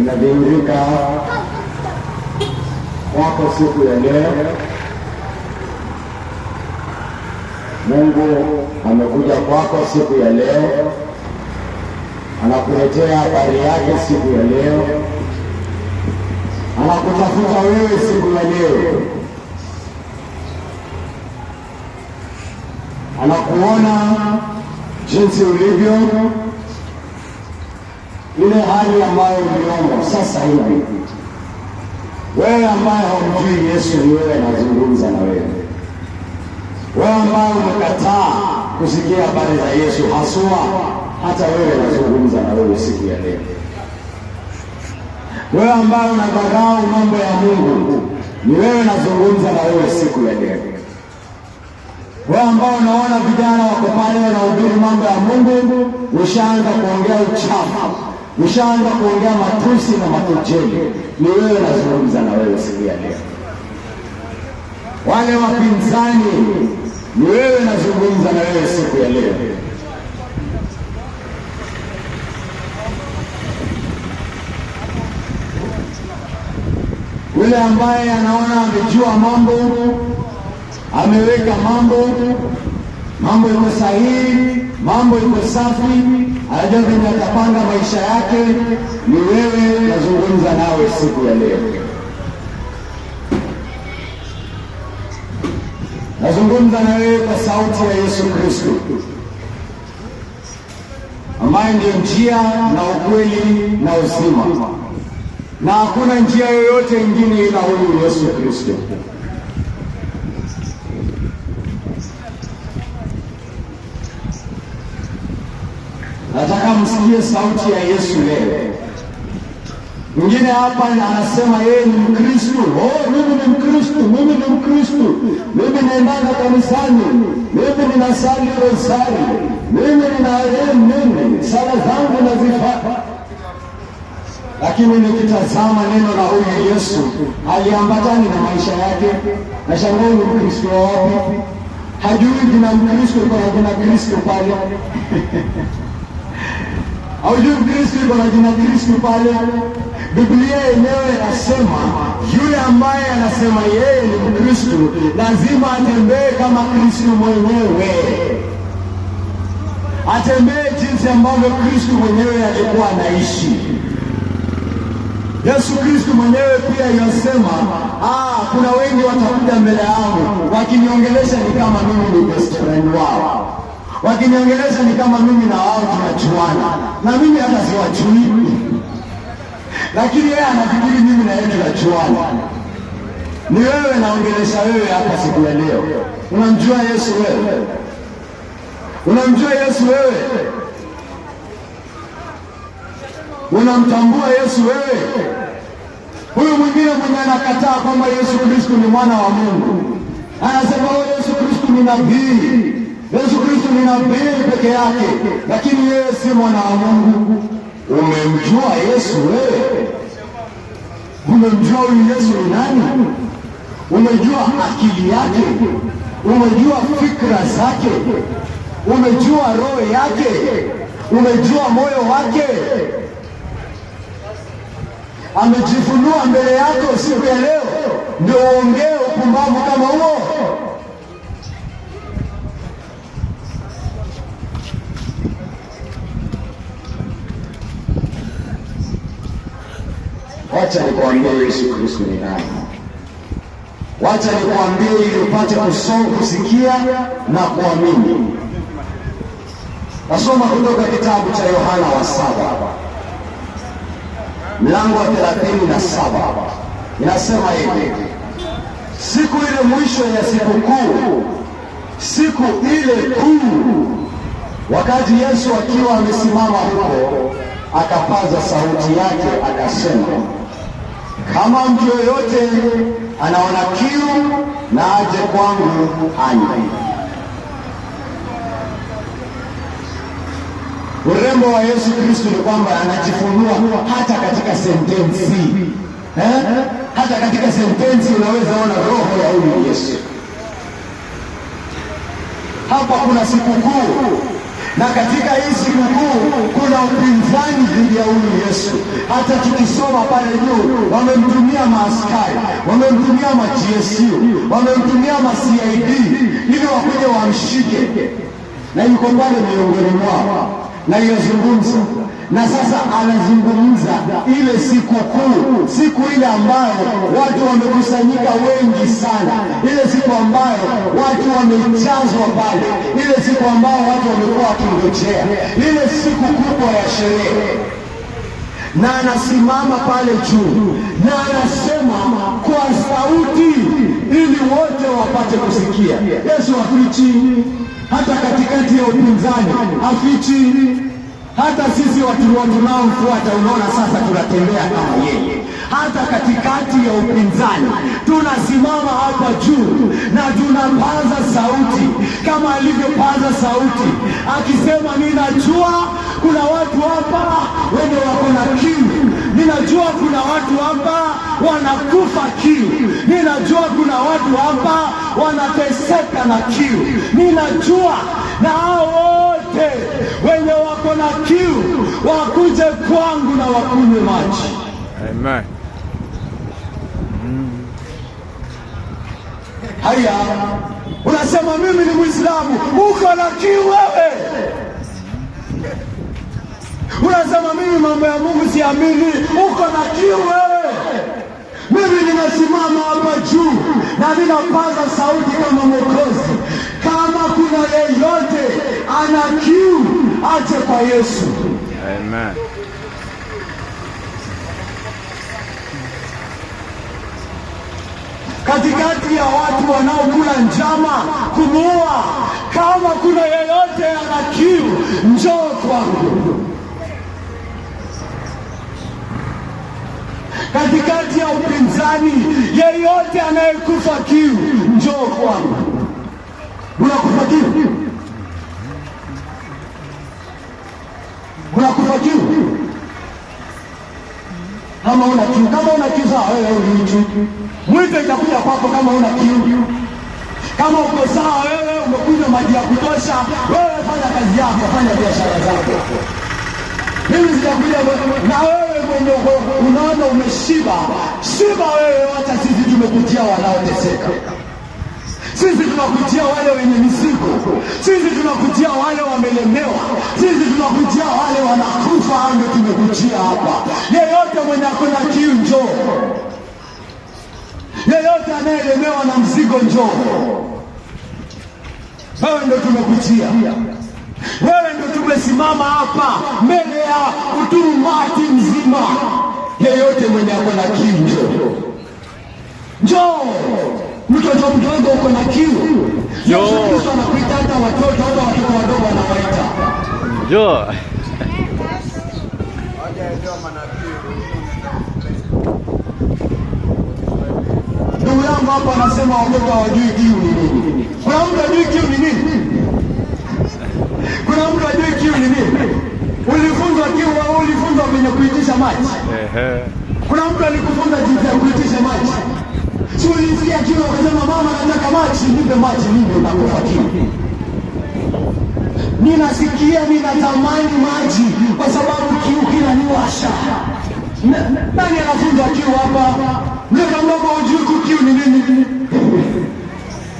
inadhihirika kwako siku ya leo. Mungu amekuja kwako siku ya leo, anakuletea habari yake siku ya leo, anakutafuta wewe siku ya leo, anakuona jinsi ulivyo ile hali ambayo uliomo sasa hiyo Wewe ambaye haumjui Yesu ni wewe anazungumza na wewe. Wewe ambaye umekataa kusikia habari za Yesu haswa, hata wewe anazungumza na wewe siku ya leo. Wewe ambaye unadharau mambo ya Mungu, ni wewe nazungumza na wewe siku ya leo. Wewe ambao unaona vijana wako pale wanahubiri mambo ya Mungu, ushaanza kuongea uchafu Ushaanza kuongea matusi na makocheni, ni wewe nazungumza na wewe siku ya leo. Wale wapinzani, ni wewe nazungumza na wewe siku ya leo. Yule ambaye anaona amejua mambo, ameweka mambo mambo iko sahihi, mambo iko safi, anajua venye atapanga maisha yake. Ni wewe nazungumza nawe siku ya leo, nazungumza na wewe kwa sauti ya Yesu Kristo ambaye ndiyo njia na ukweli na uzima, na hakuna njia yoyote ingine ila huyu Yesu Kristo. Nataka msikie sauti ya Yesu leo. Mwingine hapa anasema yeye ni Mkristu. Oh, mimi ni Mkristu, mimi ni Mkristu, mimi naendanga kanisani, mimi ninasali rosari, mimi ninaee, mimi sala zangu nazifata lakini nikitazama neno la huyu Yesu aliambatani na maisha yake, nashangaa ni Mkristo wapi? Hajui jina Mkristo, kuna jina Kristo pale Haujui Mkristo na jina Kristo pale. Biblia yenyewe inasema yule ambaye anasema yeye ni Mkristo lazima atembee kama Kristo mwenyewe, atembee jinsi ambavyo Kristo mwenyewe alikuwa anaishi. Yesu Kristo mwenyewe pia yasema, ah, kuna wengi watakuja mbele yangu wakiniongelesha ni kama mimi ni best friend wao wakiniongeleza ni kama mimi na wao tunachuana, na mimi hata siwachui, lakini yeye anafikiri mimi na yeye tunachuana. Ni wewe naongelesha wewe hapa siku ya leo. Unamjua Yesu wewe? Unamjua Yesu wewe? Unamtambua Yesu wewe? Huyu mwingine mwenye anakataa kwamba Yesu Kristo ni mwana wa Mungu, anasema huyu oh, Yesu Kristo ni nabii Yesu Kristo ni nabii peke yake, lakini yeye si mwana wa Mungu. Umemjua Yesu wewe? Umemjua huyu Yesu ni nani? Umejua akili yake? Umejua fikra zake? Umejua roho yake? Umejua moyo wake? Amejifunua mbele yako siku ya leo, ndio uongee upumbavu kama huo? wacha nikuambie Yesu Kristo ni nani. Wacha nikuambie ili upate kusoma, kusikia na kuamini. Nasoma kutoka kitabu cha Yohana wa saba mlango wa thelathini na saba inasema hivi: siku ile mwisho ya sikukuu, siku ile kuu, wakati Yesu akiwa amesimama huko, akapaza sauti yake akasema kama mtu yoyote anaona kiu na aje kwangu anywe. Urembo wa Yesu Kristo ni kwamba anajifunua hata katika sentensi eh? Hata katika sentensi unaweza ona roho ya huyu Yesu. Hapa kuna sikukuu na katika hii sikukuu kuna upinzani kumtumia huyu Yesu. Hata tukisoma pale juu, wamemtumia maaskari, wamemtumia maGSU, wamemtumia maCID ili wakuje wamshike, na yuko pale miongoni mwao na yazungumza na sasa anazungumza ile siku kuu, siku ile ambayo watu wamekusanyika wengi sana, ile siku ambayo watu wamejazwa pale, ile siku ambayo watu wamekuwa wakingojea, ile siku kubwa ya sherehe na anasimama pale juu na anasema kwa sauti ili wote wapate kusikia. Yesu hafichi, hata katikati ya upinzani hafichi. Hata sisi watu tunamfuata, unaona sasa tunatembea kama yeye hata katikati ya upinzani. Tunasimama hapa juu na tunapaza sauti kama alivyopaza sauti akisema, ninajua kuna watu hapa wenye wako na kiu, ninajua kuna watu hapa wanakufa kiu, ninajua kuna watu hapa wanateseka na kiu, ninajua na hao wote wenye wako na kiu wakuje kwangu na wakunywe maji. Amen. haya, unasema mimi ni Mwislamu, uko kiu wewe unasema mimi mambo ya Mungu siamini, uko kiu wewe. Mimi ninasimama hapa juu na ninapaza sauti kama mokozi kama kuna yeyote ana kiu ache kwa Yesu. Amen. katikati ya watu wanaokula njama kumuua. Kama kuna yeyote ana kiu, njoo kwangu. Katikati ya upinzani, yeyote anayekufa kiu, njoo kwangu. Unakufa kiu, unakufa kiu kama una kiu, kama una kiu, sawa wewe mwito itakuja kwako kama una kiu. Kama uko sawa wewe, umekunywa maji ya kutosha, wewe fanya kazi yako, fanya biashara zako. Mimi zitakuja na wewe mwenye unaona umeshiba, shiba wewe, wacha sisi tumekutia wanaoteseka. Sisi tunakutia wale wenye mizigo, sisi tunakutia wale wamelemewa, sisi tunakutia wale wanakufa, ndio tumekutia hapa. Yeyote mwenye akona kiu, njoo Yeyote anayelemewa na mzigo, njoo. Wewe ndo tumekujia, wewe ndo tumesimama hapa mbele ya uturumati mzima. Yeyote mwenye ako na kiu, njo, njoo. Mtoto mdogo uko na kiu, Yesu anakuita. Hata watoto hata watoto wadogo anawaita, njoo. Ndugu yangu hapa anasema watoto hawajui kiu ni nini. Kuna mtu ajui kiu ni nini? Kuna mtu ajui kiu ni nini? Ulifunzwa kiu au ulifunzwa kwenye kuitisha maji? Kuna mtu alikufunza jinsi ya kuitisha maji? Si ulisikia kiu akasema, mama, nataka maji, nipe maji, mimi nakufa kiu ninasikia ninatamani maji kwa sababu kiu kinaniwasha. Nani anafunza kiu hapa? miaka ambapo hujui kukiu ni nini.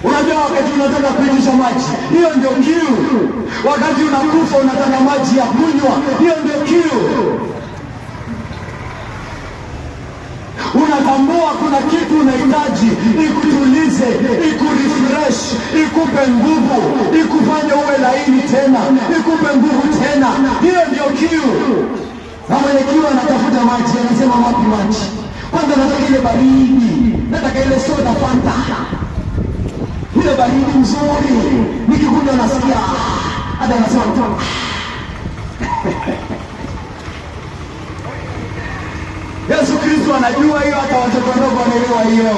Unajua wakati unataka kuitisha maji, hiyo ndio kiu. Wakati unakufa unataka maji ya kunywa, hiyo ndio kiu. Unatambua kuna kitu unahitaji ikutulize, ikurefresh, ikupe nguvu, ikufanye uwe laini tena, ikupe nguvu tena. Hiyo ndio kiu. Na mwenye kiu anatafuta maji, anasema wapi maji? Kwanza nataka ile baridi, nataka ile soda Fanta, ile baridi nzuri, nikikunywa nasikia hata nasema mtoto Yesu Kristo anajua hiyo, hata watoto wadogo wanaelewa hiyo.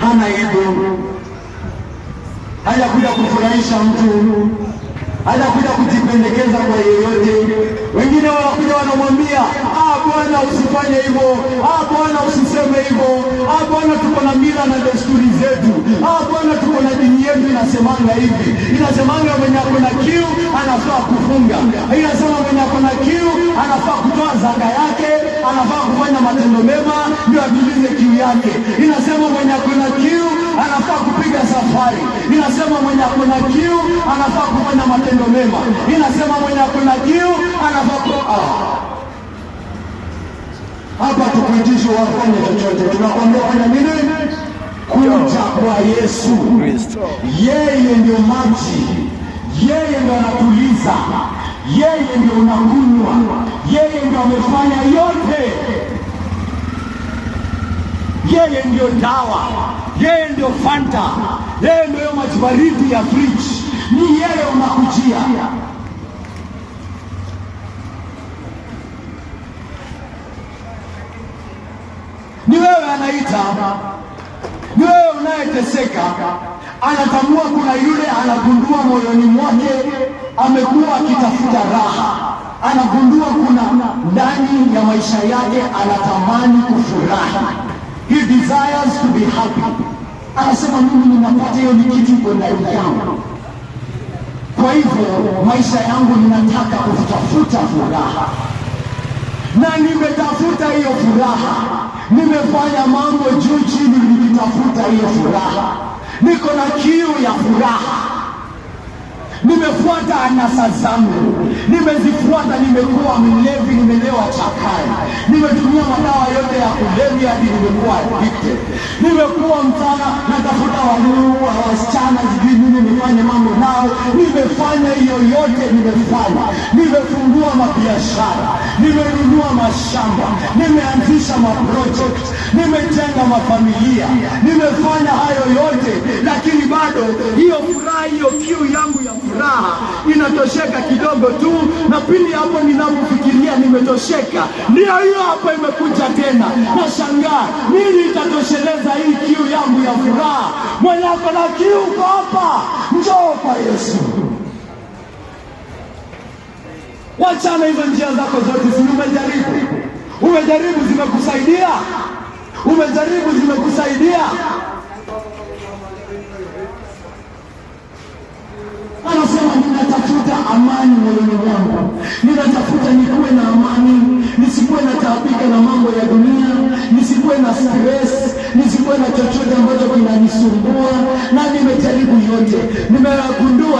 Hana ibu haja kuja kufurahisha mtu, haja kuja kujipendekeza kwa yeyote. Wengine wanakuja wanamwambia, ah bwana, usifanye hivyo, ah bwana, usiseme hivyo, ah Bwana, tuko na mila na desturi zetu. Ah Bwana, tuko na dini yetu inasemanga hivi, inasemanga mwenye ako na kiu anafaa kufunga, inasema mwenye ako na kiu anafaa kutoa zaka yake, anafaa kufanya matendo mema ndio atulize kiu yake. Inasema mwenye ako na kiu anafaa kupiga safari, inasema mwenye ako na kiu anafaa kufanya matendo mema, inasema mwenye ako na kiu anafaa ah hapa tukuitishi wafanye chochote, tunakwambia fanya nini? Kuja kwa Yesu. Yeye ndio maji, yeye ndio anatuliza, yeye ndio unakunywa, yeye ndio amefanya yote, yeye ndio dawa, yeye ndio fanta, yeye ndio maji baridi ya friji, ni yeye unakujia vita. Wewe unayeteseka, anatambua kuna yule anagundua moyoni mwake amekuwa akitafuta raha, anagundua kuna ndani ya maisha yake anatamani kufurahi, he desires to be happy. Anasema mimi ninapata hiyo ni kitu iko ndani yangu, kwa hivyo maisha yangu ninataka kutafuta furaha na nimetafuta hiyo furaha, nimefanya mambo juu chini nikitafuta hiyo furaha, niko na kiu ya furaha, nimefuata anasa zangu, nimezifuata, nimekuwa mlevi, nimelewa chakai, nimetumia madawa yote ya kulevi hadi nimekuwa addicted, nimekuwa mchana natafuta wa wasichana, sijui nini nifanye mambo nao, nimefanya hiyo yote, nimefanya, nimefungua mabiashara, nimenunua mashamba, nimeanzisha maprojekt nimejenga mafamilia, nimefanya hayo yote, lakini bado hiyo furaha, hiyo kiu yangu ya furaha inatosheka kidogo tu na pili hapo ninapofikiria nimetosheka, ndio hiyo hapo imekuja tena. Nashangaa nini itatosheleza hii kiu yangu ya furaha. Mwenye na kiu uko hapa, njoo kwa Yesu. Wachana hizo njia zako zote, si umejaribu? Umejaribu zimekusaidia? Umejaribu zimekusaidia? anasema ninatafuta amani moyoni mwangu, ninatafuta nikuwe na amani, nisikuwe na taabika na mambo ya dunia, nisikuwe na stress, nisikuwe na chochote ambacho kinanisumbua. Na nimejaribu yote, nimegundua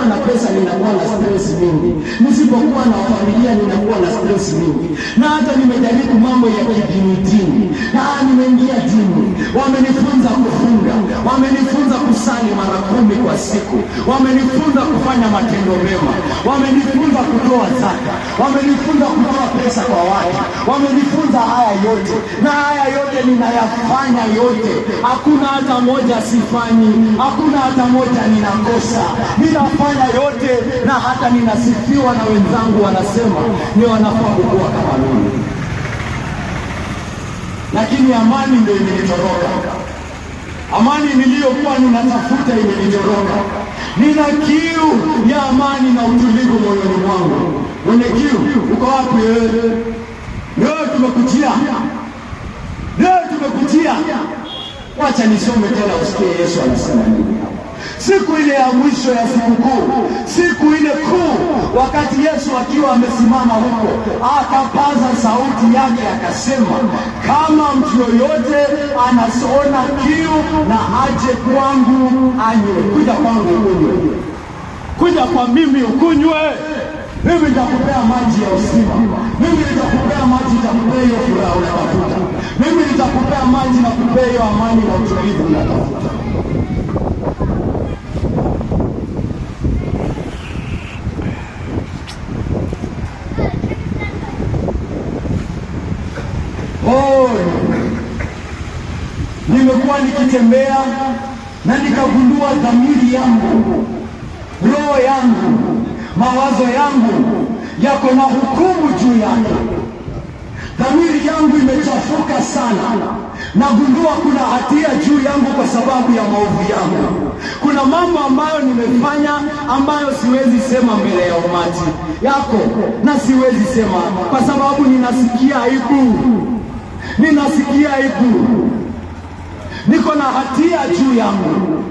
Nisipokuwa na pesa ninakuwa na stress mingi, nisipokuwa na familia ninakuwa na stress mingi. Na hata nimejaribu mambo ya kidinidini, na nimeingia dini, wamenifunza kufunga, wamenifunza kusali mara kumi kwa siku, wamenifunza kufanya matendo mema, wamenifunza kutoa zaka, wamenifunza kutoa pesa kwa watu, wamenifunza haya yote, na haya yote ninayafanya yote, hakuna hata moja sifanyi, hakuna hata moja ninakosa, ninafanya nimefanya yote na hata ninasifiwa na wenzangu wanasema ni wanafaa kukuwa kama mimi, lakini amani ndio imenitoroka. Amani niliyokuwa ninatafuta imenitoroka. Nina kiu ya amani na utulivu moyoni mwangu. Mwenye kiu, uko wapi wewe? Leo tumekutia leo tumekutia Wacha nisome tena, usikie Yesu alisema nini siku ile ya mwisho ya sikukuu, siku ile kuu, wakati Yesu akiwa amesimama huko, akapaza sauti yake akasema, kama mtu yoyote anasona kiu na aje kwangu anywe. Kuja kwangu ukunywe, kuja kwa mimi ukunywe mimi nitakupea maji ya uzima. Mimi nitakupea maji, nitakupea hiyo furaha unatafuta. Mimi nitakupea maji na kupea hiyo amani na utulivu unatafuta. nilitembea na nikagundua dhamiri yangu, roho yangu, mawazo yangu yako na hukumu juu yake. Dhamiri yangu imechafuka sana. Nagundua kuna hatia juu yangu kwa sababu ya maovu yangu. Kuna mambo ambayo nimefanya ambayo siwezi sema mbele ya umati yako, na siwezi sema kwa sababu ninasikia aibu, ninasikia aibu niko na hatia juu yangu,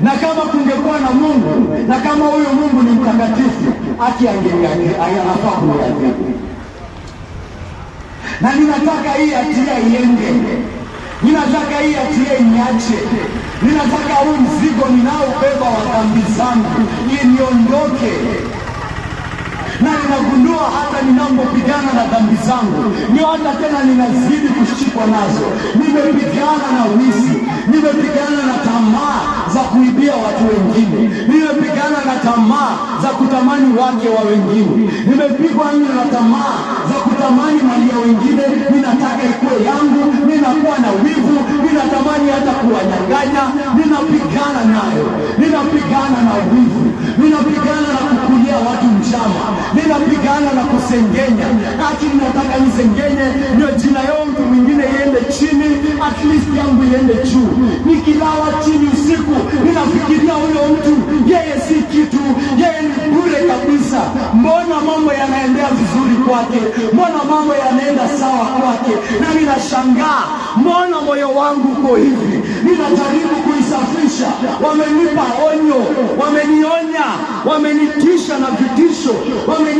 na kama kungekuwa na Mungu na kama huyu Mungu ni mtakatifu, haki anafaa kuiadhibu, na ninataka hii hatia iende, ninataka hii hatia iniache, ninataka huu mzigo ninaobeba wa dhambi zangu iniondoke na ninagundua hata ninapopigana na dhambi zangu ndio hata tena ninazidi kushikwa nazo. Nimepigana na wizi, nimepigana na tamaa za kuibia watu wengine, nimepigana na tamaa za kutamani wake wa wengine, nimepigwa nyo na tamaa za kutamani mali ya wengine, ninataka ikuwe yangu, ninakuwa na wivu, ninatamani hata kuwanyang'anya, ninapigana nayo. anizengenye, ndio jina ya mtu mwingine iende chini, at least yangu iende juu. Nikilala chini usiku, ninafikiria huyo mtu, yeye si kitu, yeye ni bure kabisa. Mbona mambo yanaendea vizuri kwake? Mbona mambo yanaenda sawa kwake? Na ninashangaa, mbona moyo wangu uko hivi? Ninajaribu kuisafisha. Wamenipa onyo, wamenionya, wamenitisha na vitisho, wameni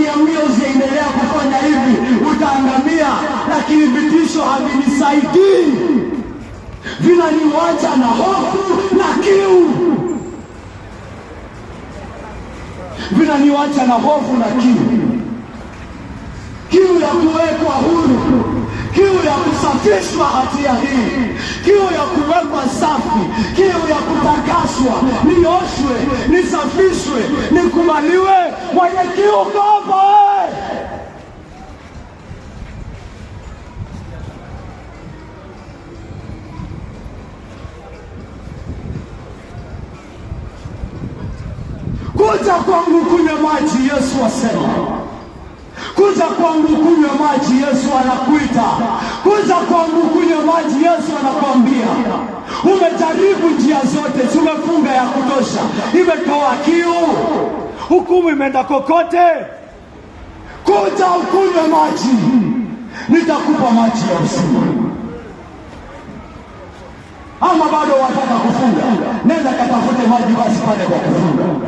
havinisaidii, vinaniwacha na hofu na kiu, vinaniwacha na hofu na kiu, kiu ya kuwekwa huru kiu ya kusafishwa hatia hii, kiu ya kuwekwa safi, kiu ya kutakaswa, nioshwe, nisafishwe, nikubaliwe. Mwenye kiu kopo kuja kwangu kunywa maji, Yesu asema kuja kwangu kunywa maji, Yesu anakuita. Kuja kwangu kunywa maji, Yesu anakwambia. Umejaribu njia zote, si umefunga ya kutosha, imetoa kiu, hukumu imeenda kokote. Kuja ukunywe maji, nitakupa maji ya uzima. Ama bado wataka kufunga, nenda katafute maji basi pale kwa kufunga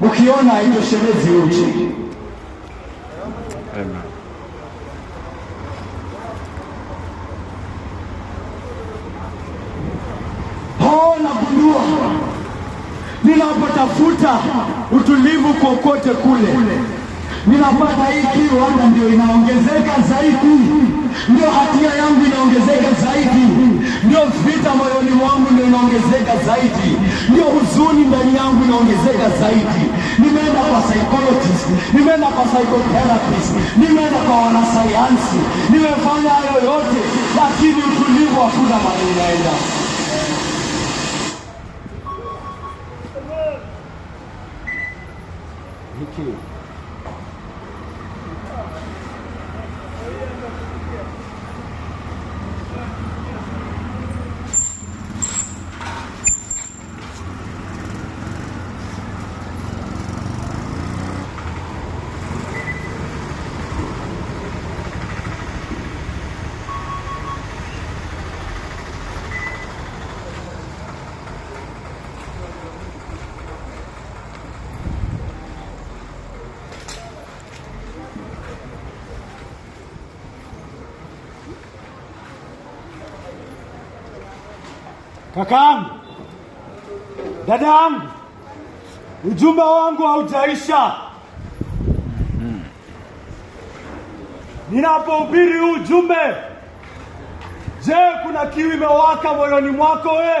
mukiona haitoshelezi nchi. Hona gundua, ninapotafuta utulivu kokote kule ninapata hiki wana ndio inaongezeka zaidi, ndio hatia yangu inaongezeka zaidi, ndio vita moyoni mwangu ndio inaongezeka zaidi, ndio huzuni ndani yangu inaongezeka zaidi. Nimeenda kwa psychologist, nimeenda kwa psychotherapist, nimeenda kwa wanasayansi, nimefanya hayo yote, lakini utulivu hakuna mahali inaenda Thank you. Kakaangu, dadaangu, ujumbe wangu haujaisha. Ninapohubiri huu ujumbe, je, kuna kiu imewaka moyoni mwako we?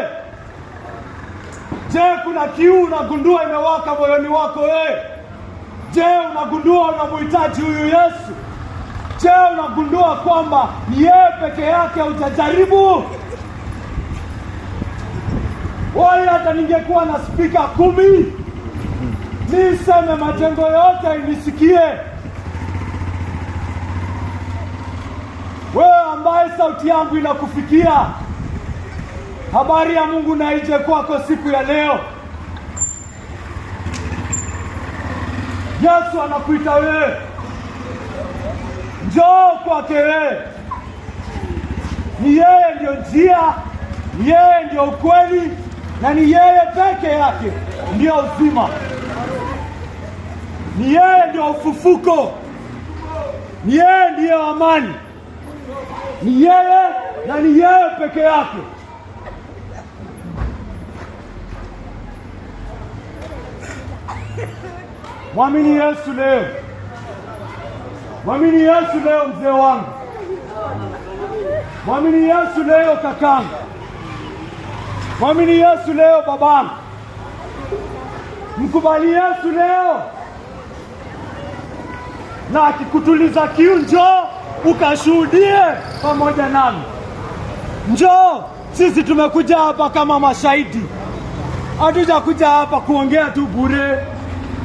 Je, kuna kiu unagundua imewaka moyoni wako we? Je, unagundua unamhitaji huyu Yesu? Je, unagundua kwamba ni yeye peke yake utajaribu? wai hata ningekuwa na spika kumi niseme majengo yote inisikie. Wewe ambaye sauti yangu inakufikia, habari ya Mungu na ije kwako siku ya leo. Yesu anakuita wewe, njoo kwake wewe. Ni yeye ndio njia, ni yeye ndio ukweli na ni yeye peke yake ndiyo uzima, ni yeye ndiyo ufufuko, ni yeye ndiyo amani, ni yeye na ni yeye peke yake. Mwamini Yesu leo, mwamini Yesu leo mzee wangu, mwamini Yesu leo kakangu. Mwamini Yesu leo babangu, mkubali Yesu leo, na akikutuliza kiu, njoo ukashuhudie pamoja nami. Njoo, sisi tumekuja hapa kama mashahidi, hatujakuja hapa kuongea tu bure.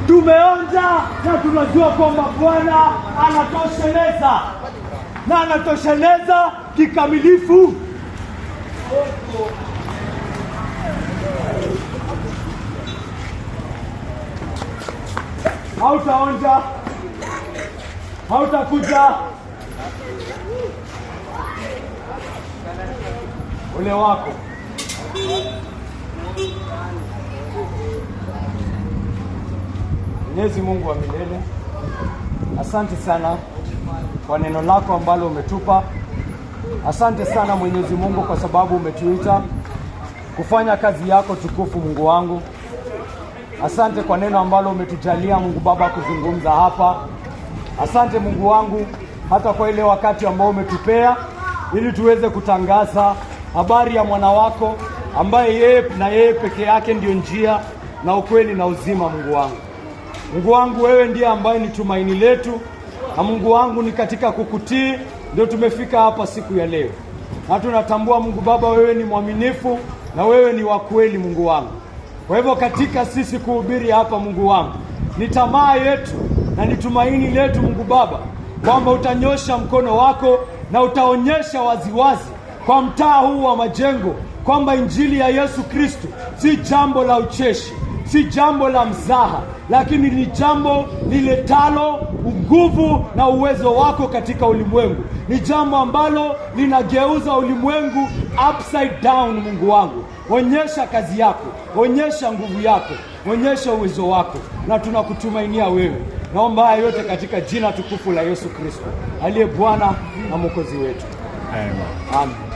Tumeonja na tunajua kwamba Bwana anatosheleza na anatosheleza kikamilifu. hautaonja, hautakuja ule wako Mwenyezi Mungu wa milele, asante sana kwa neno lako ambalo umetupa. Asante sana Mwenyezi Mungu kwa sababu umetuita kufanya kazi yako tukufu, Mungu wangu. Asante kwa neno ambalo umetujalia Mungu Baba kuzungumza hapa. Asante Mungu wangu hata kwa ile wakati ambao umetupea ili tuweze kutangaza habari ya mwana wako ambaye yeye na yeye peke yake ndiyo njia na ukweli na uzima. Mungu wangu, Mungu wangu, wewe ndiye ambaye ni tumaini letu, na Mungu wangu, ni katika kukutii ndio tumefika hapa siku ya leo, na tunatambua Mungu Baba, wewe ni mwaminifu na wewe ni wa kweli, Mungu wangu kwa hivyo katika sisi kuhubiri hapa, Mungu wangu, ni tamaa yetu na ni tumaini letu, Mungu Baba, kwamba utanyosha mkono wako na utaonyesha waziwazi kwa mtaa huu wa Majengo kwamba injili ya Yesu Kristo si jambo la ucheshi, si jambo la mzaha, lakini ni jambo liletalo nguvu na uwezo wako katika ulimwengu. Ni jambo ambalo linageuza ulimwengu upside down. Mungu wangu, onyesha kazi yako onyesha nguvu yako, onyesha uwezo wako, na tunakutumainia wewe. Naomba haya yote katika jina tukufu la Yesu Kristo aliye Bwana na Mwokozi wetu, amen.